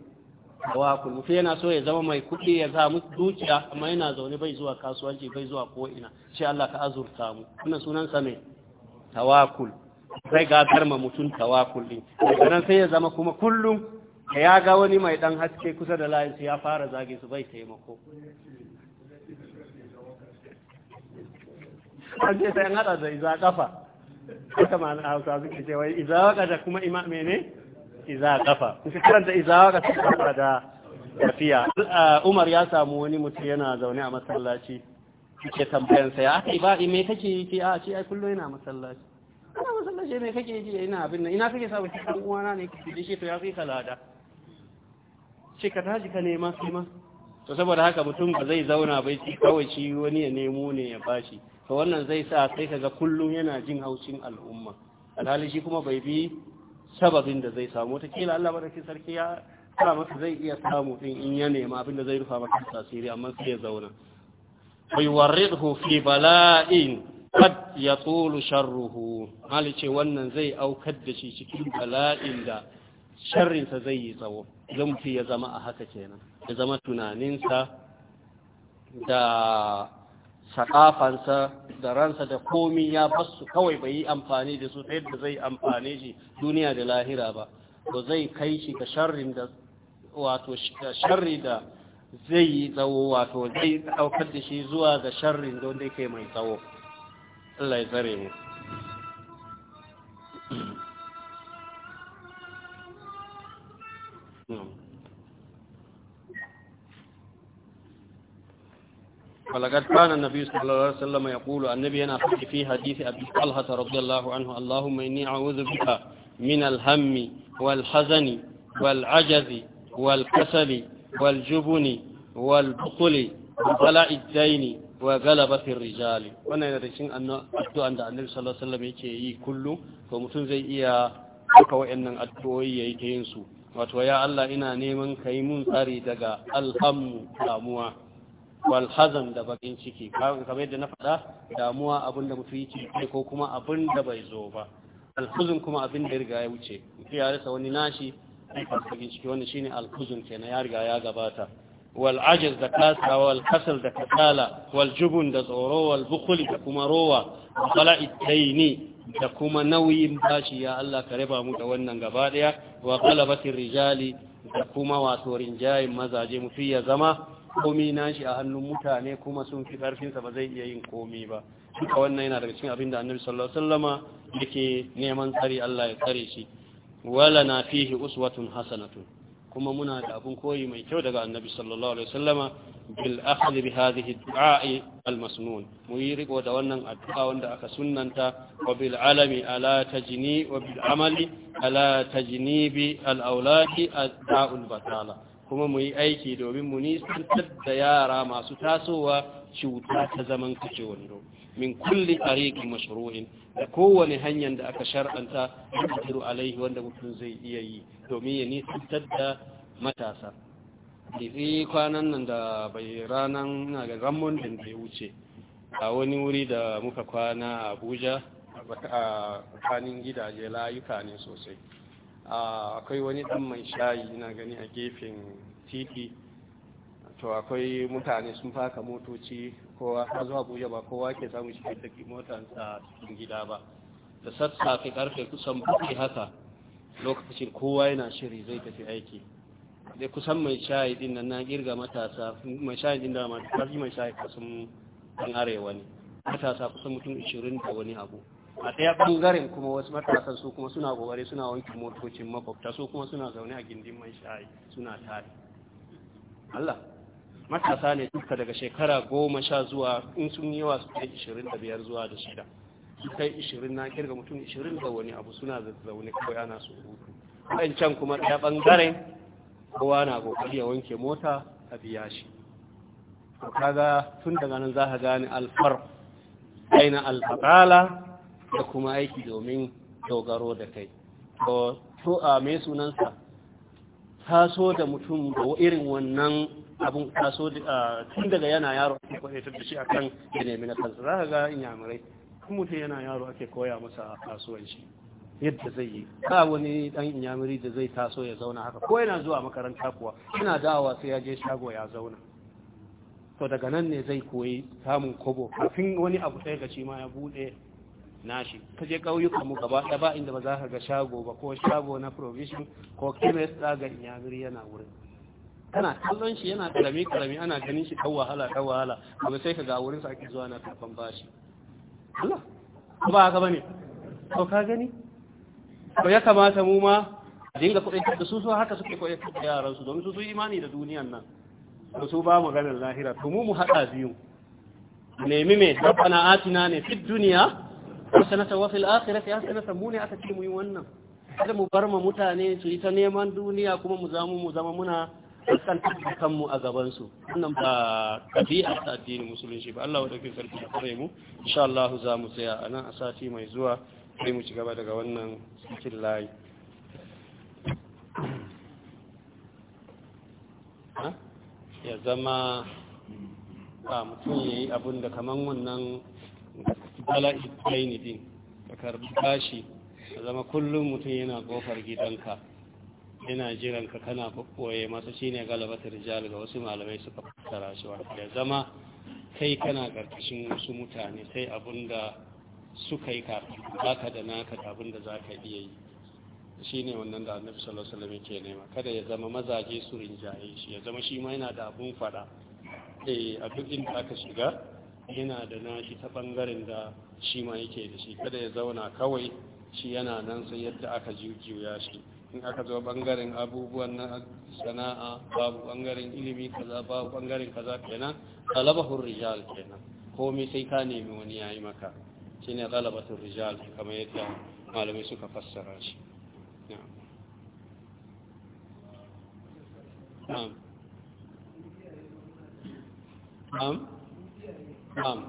tawakul mutum yana so ya zama mai kuɗi ya samu dukiya amma yana zaune bai zuwa kasuwanci bai zuwa ko ina ce Allah ka azurta mu wannan sunan sa mai tawakul sai ga ma mutum tawakulli daga nan sai ya zama kuma kullum da ya ga wani mai dan haske kusa da layinsu ya fara zage su bai taimako an ce sai an hada da iza kafa haka ma hausa suke cewa iza waka da kuma ima mene iza kafa kiran da iza waka su kafa da tafiya umar ya samu wani mutum yana zaune a masallaci ke tambayansa ya aka yi ba me kake yi ki a ce ai kullum yana masallaci je me kake ji ina abin nan ina kake saba cikin uwana ne kake shi to ya kai kalada shi ka taji ka nema kai ma to saboda haka mutum ba zai zauna ba ci kawai shi wani ya nemo ne ya bashi to wannan zai sa sai kaga kullum yana jin haucin al'umma alhali shi kuma bai bi sababin da zai samu ta kila Allah madaukakin sarki ya sa masa zai iya samu din in ya nema abin da zai rufa maka tasiri amma sai ya zauna bai fi bala'in qad yatulu sharruhu hali ce wannan zai aukar da shi cikin bala'in da sharrinsa zai yi tsawo fi ya zama a haka kenan ya zama tunaninsa da sakafansa da ransa da komi ya basu kawai bai yi amfani da su ta yadda zai amfani shi duniya da lahira ba to zai kai shi ga sharrin da wato sharri da zai yi tsawo wato zai aukar da shi zuwa ga sharrin da wanda yake mai tsawo الله يسريه نعم. ولقد كان النبي صلى الله عليه وسلم يقول النبي أنا في حديث أبي طلحة رضي الله عنه اللهم إني أعوذ بك من الهم والحزن والعجز والكسل والجبن والبخل وطلع الدين wa galabatin rijali wannan yana da cikin addu'an da annabi sallallahu alaihi wasallam yake yi kullu to mutum zai iya duka wayannan addu'o'i yayi ta yin su wato ya Allah ina neman kai mun tsari daga alhammu damuwa wal hazan da bakin ciki kamar yadda na faɗa damuwa abinda mutum yake kai ko kuma abinda bai zo ba alhuzun kuma abin riga ya wuce ya rasa wani nashi bakin ciki wannan shine alhuzun kenan ya riga ya gabata والعجز da kasawa والكسل da kasala waljubun da tsoro والبخل da kuma rowa وخلاء ne, da kuma nauyin bashi ya Allah ka riba mu da wannan gaba daya wa qalabatir rijali da kuma wato rinjayen mazaje mu ya zama komi nashi a hannun mutane kuma sun fi karfin ba zai iya yin komi ba duka wannan yana daga cikin abinda da Annabi sallallahu alaihi wasallama neman tsari Allah ya tsare shi wala na fihi uswatun hasanatun kuma muna da abin koyi mai kyau daga annabi sallallahu alaihi wasallama bil bi hadhihi ad-du'a al-masnun riko da wannan addu'a wanda aka sunnanta wa bil alami ala tajni wa bil amali ala al ad batala kuma muyi aiki domin mu nisantar da yara masu tasowa cuta ta zaman kace wando min kulli tariqin mashru'in da kowane hanyar da aka shar'anta yadiru alaihi wanda mutum zai iya yi domin ya nisa da matasa kitsi kwanan nan da bai ranar na ga ramon da ya wuce a wani wuri da muka kwana a abuja a kanin gidaje layuka ne sosai akwai wani dan mai shayi na gani a gefen titi to akwai mutane sun faka motoci kowa har zuwa buja ba kowa ke samun shi da a cikin gida ba da sassafe karfe kusan buɗe haka lokacin kowa yana shiri zai tafi aiki dai kusan mai shayi din nan na girga matasa mai shayi din da matasa, mai shayi kusan an arewa ne matasa kusan mutum 20 da wani abu a ɗaya ɓangaren kuma wasu matasan su kuma suna gobare suna wanke motocin makwabta su kuma suna zaune a gindin mai shayi suna tare Allah matasa ne duka daga shekara goma sha zuwa in sun yi wasu kai ishirin da biyar zuwa da shida su kai ishirin na kirga mutum ishirin da wani abu suna da zaune kawai ana su hutu bayan can kuma ɗaya ɓangaren kowa na kokari ya wanke mota a biya shi to kaga tun daga nan za ka gane alfar aina alfatala da kuma aiki domin dogaro da kai to a mai sunansa taso da mutum da irin wannan abun taso tun daga yana yaro ake kwaye da shi akan kan gine mina kansa za ka ga inyamurai Kan mutum yana yaro ake koya masa kasuwanci yadda zai yi ka wani dan yamuri da zai taso ya zauna haka ko yana zuwa makaranta kuwa yana dawa sai ya je shago ya zauna to daga nan ne zai koyi samun kobo kafin wani abu ɗaya ga shi ma ya buɗe nashi ka je ƙauyukan mu gaba ɗaya ba inda ba za ka ga shago ba ko shago na provision ko kimes ɗaga ga yamuri yana wurin kana kallon shi yana karami karami ana ganin shi kan wahala kan wahala kuma sai ka ga wurin sa ake zuwa na karban bashi Allah ba ka bane to ka gani to ya kamata mu ma dinga kudin da su su haka suke koyar da yaran su don su su imani da duniyan nan to su ba maganar lahira to mu mu hada biyu nemi me rabbana atina ne fid dunya hasanatan wa fil akhirati hasanatan mu ne aka ce mu yi wannan kada mu bar ma mutane su yi ta neman duniya kuma mu zamu mu zama muna kaskantar da kanmu a gabansu wannan ba ɗabi'a ta addinin musulunci ba Allah wadda ke sarki da kare mu insha Allah za mu tsaya a nan a sati mai zuwa sai mu ci gaba daga wannan cikin layi ya zama a mutum ya yi abin da kaman wannan bala'i kaini din da karbi bashi ya zama kullum mutum yana gofar gidanka yana jiran ka kana koye masa shine galabatar rijal ga wasu malamai suka fassara shi wa ya zama kai kana karkashin wasu mutane sai abinda suka yi kafin baka da naka da abinda zaka iya yi shine wannan da Annabi sallallahu alaihi wasallam yake nema kada ya zama mazaje su rinjaye shi ya zama shi ma yana da abun fada eh a duk inda aka shiga yana da nashi ta bangaren da shi ma yake da shi kada ya zauna kawai shi yana nan sai yadda aka jujjuya shi in aka zo bangaren abubuwan na sana'a babu bangaren ilimi kaza babu bangaren kaza kenan talaba hurrijal kenan komai sai ka nemi wani yayi maka shine talaba hurrijal kamar yadda malamai suka fassara shi na'am na'am na'am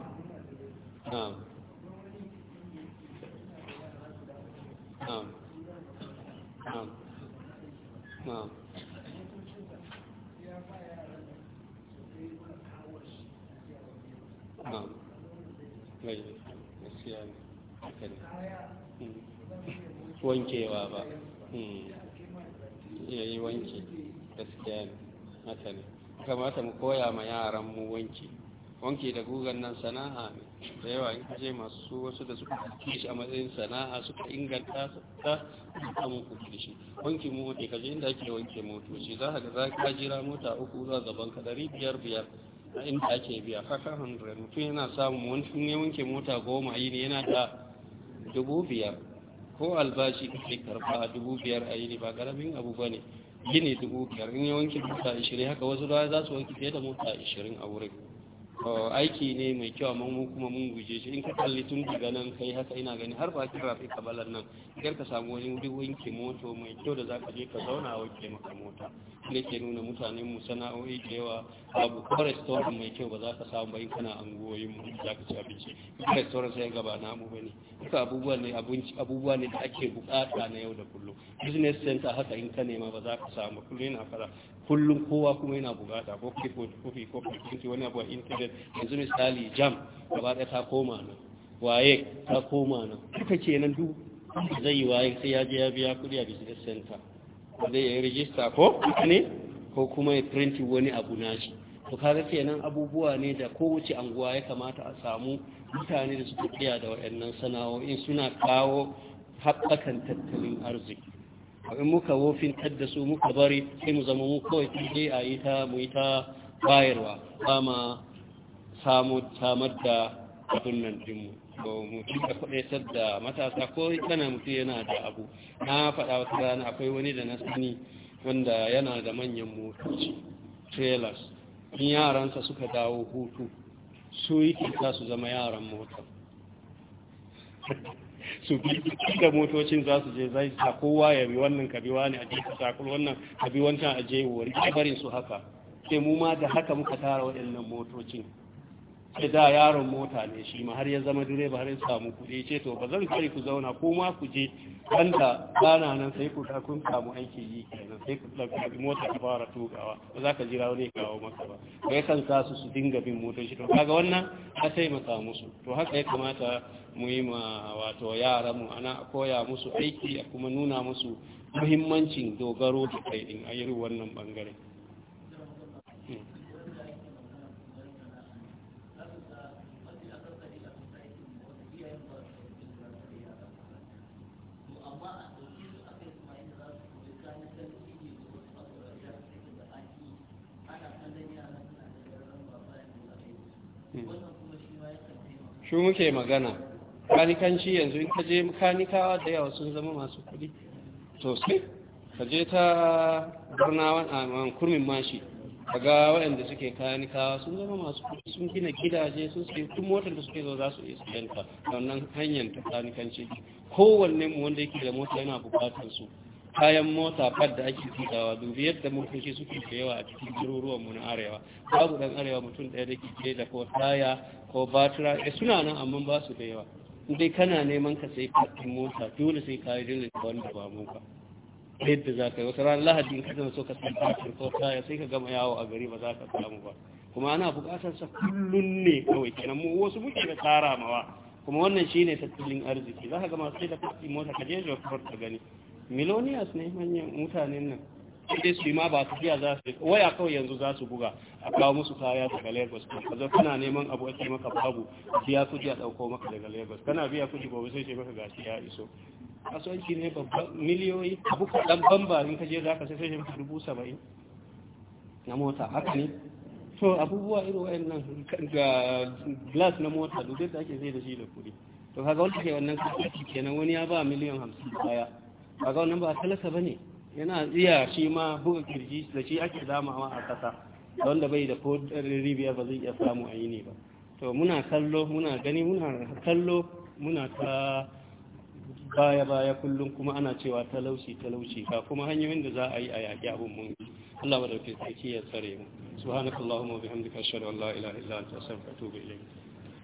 na'am na'am Hmm. wankewa ba hmm. ya yi wanki gaskiya ne haka ne kamata mu koya ma yaran mu wanki wanki da gugan nan sana'a ne da yawa in kaje masu wasu da suka ɗauke shi a matsayin sana'a suka inganta ta samun kuɗi da shi wanki mota kaje inda ake wanke motoci za ka ga za ka jira mota uku za gaban ka ɗari biyar biyar a inda ake biya faka hundred mutum yana samun wani ne wanke mota goma yi ne yana da dubu biyar ko albashi kake karɓa dubu biyar a yi ne ba ƙaramin abu ba ne gini dubu biyar in yi wanke mota ashirin haka wasu za su wanke fiye da mota ashirin a wurin aiki ne mai kyau amma mu kuma mun guje shi in ka kalli tun daga nan kai haka ina gani har ba ki rafi kabalar nan idan ka samu wani wuri wanke moto mai kyau da zaka je ka zauna a wanke maka mota ne ke nuna mutanen mu sana'o'i da yawa babu ko restaurant mai kyau ba za ka samu ba in kana anguwoyin mu za ka ci abinci ko restaurant sai gaba na mu bane duka abubuwa ne abinci abubuwa ne da ake bukata na yau da kullum business center haka in ka nema ba za ka samu kullum yana fara kullum kowa kuma yana bugata ko kifo kofi ko kinki wani abu a intanet yanzu misali jam gaba ɗaya ta koma nan waye ta koma nan duka kenan duk zai yi waye sai ya je ya biya kuɗi a business center zai yi rijista ko ne ko kuma ya printi wani abu nashi to kaga kenan abubuwa ne da kowace anguwa ya kamata a samu mutane da suka tsaya da waɗannan sana'o'in suna kawo haɓakan tattalin arziki in muka wofin da su muka bari sai mu zama mu kawai sai a yi ta mu yi ta bayarwa ba ma samar da abin nan dinmu ko mu da kudaitar da matasa ko kana mutu yana da abu na faɗa wata rana akwai wani da na sani wanda yana da manyan motoci trailers in yaransa suka dawo hutu su yi kisa su zama yaran mota. su bi da motocin za su je zai sa kowa ya bi wannan kabiwa ne a je ka wannan kabi wancan a je wuri barin su haka sai mu ma da haka muka tara waɗannan motocin sai da yaron mota ne shi ma har ya zama direba har ya samu kuɗi ce to ba zan kare ku zauna ko ma ku je wanda bana nan sai ku ta kun samu aiki yi kenan sai ku ɗauki mota a fara tugawa ba za ka jira wani kawo maka ba kai kan sa su su dinga bin motoci to kaga wannan ka taimaka musu to haka ya kamata mu yi ma wato yara mu ana koya musu aiki a kuma nuna musu muhimmancin dogaro da kai in a irin wannan bangare hmm. hmm. shi muke magana kanikanci yanzu in ka je da yawa sun zama masu kuɗi sosai ka je ta barnawan a kurmin mashi ka ga waɗanda suke kanikawa sun zama masu kuɗi sun gina gidaje sun sai tun motar da suke zo za su iya sayanta da wannan hanyar ta kanikanci kowanne mu wanda yake da mota yana bukatar su kayan mota fad da ake fitawa dubi yadda motoci suke da yawa a cikin jiruruwan mu na arewa babu dan arewa mutum daya da ke da ko taya ko batira eh, suna nan amma ba su da yawa dai kana neman ka sai kafin mota dole sai ka yi rilin da wanda ba mu ba yadda za ka yi wata ran lahadin ka zama so ka sai kafin ko kaya sai ka gama yawo a gari ba za ka samu ba kuma ana buƙatar sa kullun ne kawai kenan mu wasu muke da tsara mawa kuma wannan shine tattalin arziki za ka gama sai da kafin mota ka je jokar ka gani miloniyas ne manyan mutanen nan sai su yi ma ba tafiya za su waya kawai yanzu za su buga a kawo musu kaya daga lagos ka zo kana neman abu ake maka babu biya kuji a ɗauko maka daga lagos kana biya kuji ba sai ce maka gashi ya iso kasuwanci ne babban miliyoyi abu kaɗan bamba in ka je za ka sai sai maka dubu saba'in na mota haka ne to abubuwa irin wayannan ga glass na mota duk da ake sai da shi da kuɗi to kaga wanda ke wannan kasuwanci kenan wani ya ba miliyan hamsin baya kaga wannan ba talaka ba ne yana iya shi ma buga kirji da shi ake damawa a kasa wanda bai da ko ribiya ba zai iya samu a yi ne ba to muna kallo muna gani muna kallo muna ta baya baya kullum kuma ana cewa talauci talauci ka kuma hanyoyin da za a yi a yaƙi abun mun Allah madaukakin sarki ya tsare mu